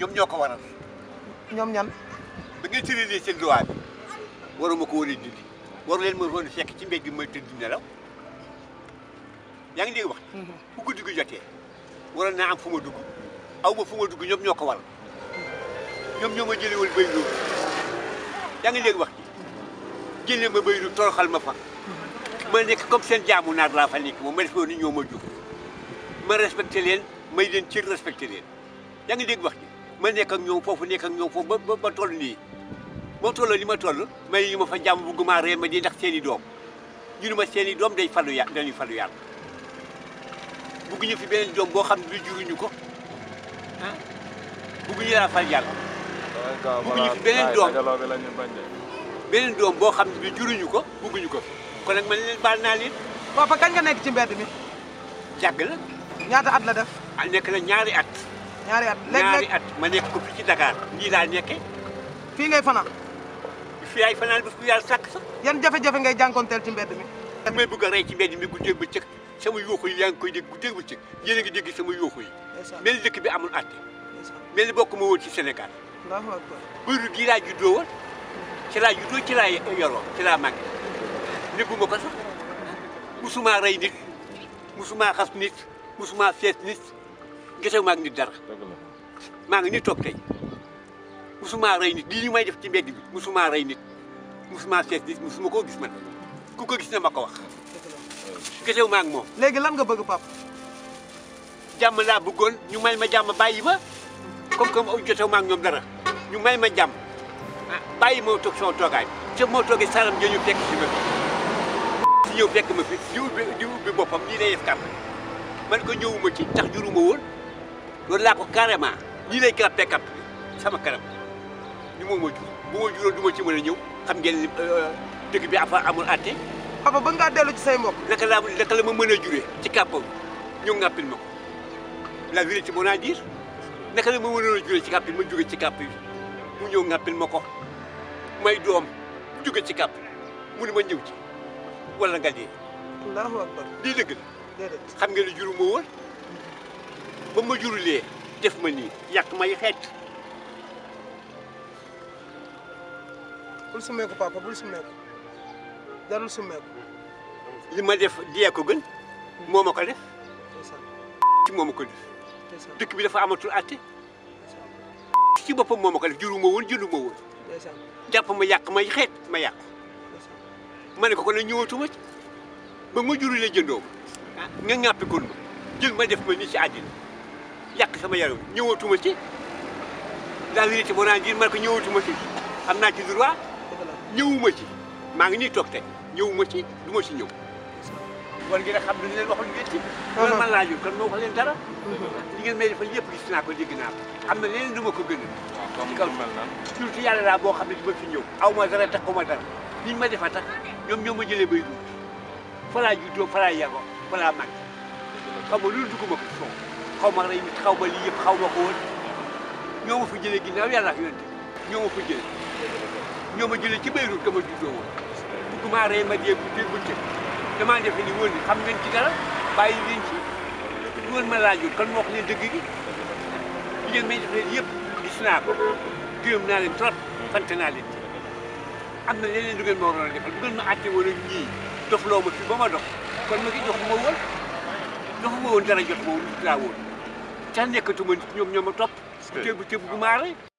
ñoom ñoo ko waral. ñoom ñan. da ngay tëralee seen loi bi waruma ko wane dindi waru leen ma woon fekk ci mbéj bi may tëdd nelaw yaa ngi dégg wax. Mhm. bu guddi gi jotee waroon naa am fu ma dugg aw ma fu ma dugg ñoom ñoo ko waral ñoom ñoo ma jëlewul béy loolu yaa ngi dégg wax ji jëlee ma bay lu toroxal ma fa. ma nekk comme seen jaamu naar laa fa nekk moom ma def ko ni ñoo ma jóg ma respecté leen may leen cër respecté leen yaa ngi dégg wax ji ma nekk ak ñoom foofu nekk ak ñoom foofu ba ba toll nii moo toll li ma toll ma yi ma fa jàmm bu gumaa ree ma di ndax seen i doom ñu ma seen i doom day falu yàlla dañuy falu yàlla bugguñu fi beneen doom boo xam ne bi juruñu ko ah ñu laa fal yàlla bugguñu fi beneen doom xam ne ko bugguñu ko kon nag man baal naa leen papa kañ nga nekk ci mbedd mi jàgg la ñaata at la def a ah, nekk na ñaari at ñaari at ñaari at ma nekk ko fii ci Dakar lii laa nekkee fii ngay fanaan fii ay fanaan bés bu yàlla sàkk sax yan jafe-jafe ngay jànkonteel ci mbedd mi may bëgg a rey ci mbedd mi guddeeg ba cëg sama yuuxu yi yaa ngi koy dégg guddeeg ba cëg yéen a ngi dégg sama yuuxu yi mel ni dëkk bi amul atte mel ni bokk ma woon ci Sénégal bëru gii laa juddoo woon ci laa juddoo ci laa yoroo ci laa màgg négguma ko sax musuma rey nit musuma xas nit musuma seet nit gisew maa ngi nit dara maa ngi nii toog tey musuma rey nit lii ñu may def ci mbedd bi musuma rey nit musuma seet nit musuma koo gis man ku ko gis na ma ko wax gisew maa ngi moom léegi lan nga bëgg pap jàmm laa bëggoon ñu may ma jàmm bàyyi ma comme comme jotew maa ñoom dara ñu may ma jàmm ah, bàyyi moo toog soo toogaay te moo toogee saram ja ñu fekk si ma fi ñëw fekk ma fi di ubbi di ubbi boppam man ko ñëwuma ci tax juruma woon loolu laa ko carrément ñii lay kalaat pekkap sama kanam ñu moom moo du ma ci mën a ñëw xam ngeen euh, dëkk bi afa amul atte papa ba ngaa dellu ci say mbokk naka laa naka la ma mën a juree ci kàppam ñu ngàppil ma ko moo naa diir naka la ma mën a juree ci kàpp ma jóge ci kàpp yi mu ñëw ngàppil ma ko may doom jóge ci kàpp mu ne ma ci wala nga dee allahu akbar xam nga ne juru ba ma jurulee def ma nii yàq may xeet. bul summeeku papa bul summeeku darul summeeku. li ma def diyee ko gën moo ko def. ci moo ko def. dëkk bi dafa amatul àtte. ci boppam moo ma ko def juru ma woon jëndu ma woon. jàpp ma yàq may xeet ma yàq. ma ne ko ko ne ñëwatuma ba ma jurulee jëndoo ma. Ah, nga ñàppikoon ma jël ma def ma nii ci àddina. yàq sama yaram ñëwatuma ci la vérité boo naan ji man ko ñëwatuma ci am naa ci droit ñëwuma ci maa ngi nii toog tey ma ci du ma ci ñëw. war gi a xam dañu leen waxoon ngeen ci. Ah. loolu man laa jur kon moo wax leen gis naa ko dégg naa ko am na leneen du ma ko gën a. ci kaw surtout yàlla boo xam ne du ma ñëw. aw ma dara tax ko ma dara ni ma defa tax ñoom ñoo ma jëlee bay dugg fa laa juddoo fa laa yàggoo fa laa màgg xam nga loolu dugg ma xaw ma rey mi xaw ma lii yëpp xaw ko woon ñoo ma fa jëlee ginnaaw yàlla ak yonent ñoo ma fa ñoo ma jëlee ci Beyrouth dama juddoo woon bugguma rey ma dee guddee bëccëg damaa defe ni woon ni xam ngeen ci dara bàyyi leen ci du ma laajoon kan moo wax ne dëgg gi gis naa ko gërëm naa leen naa leen na leneen lu ngeen ma waroon dof loo fi ba ma dox kon ma ngi dox ma wër doxuma woon dara jot ma woon laa woon. tax nekkatuma ñoom ñoo ma topp. c' est vrai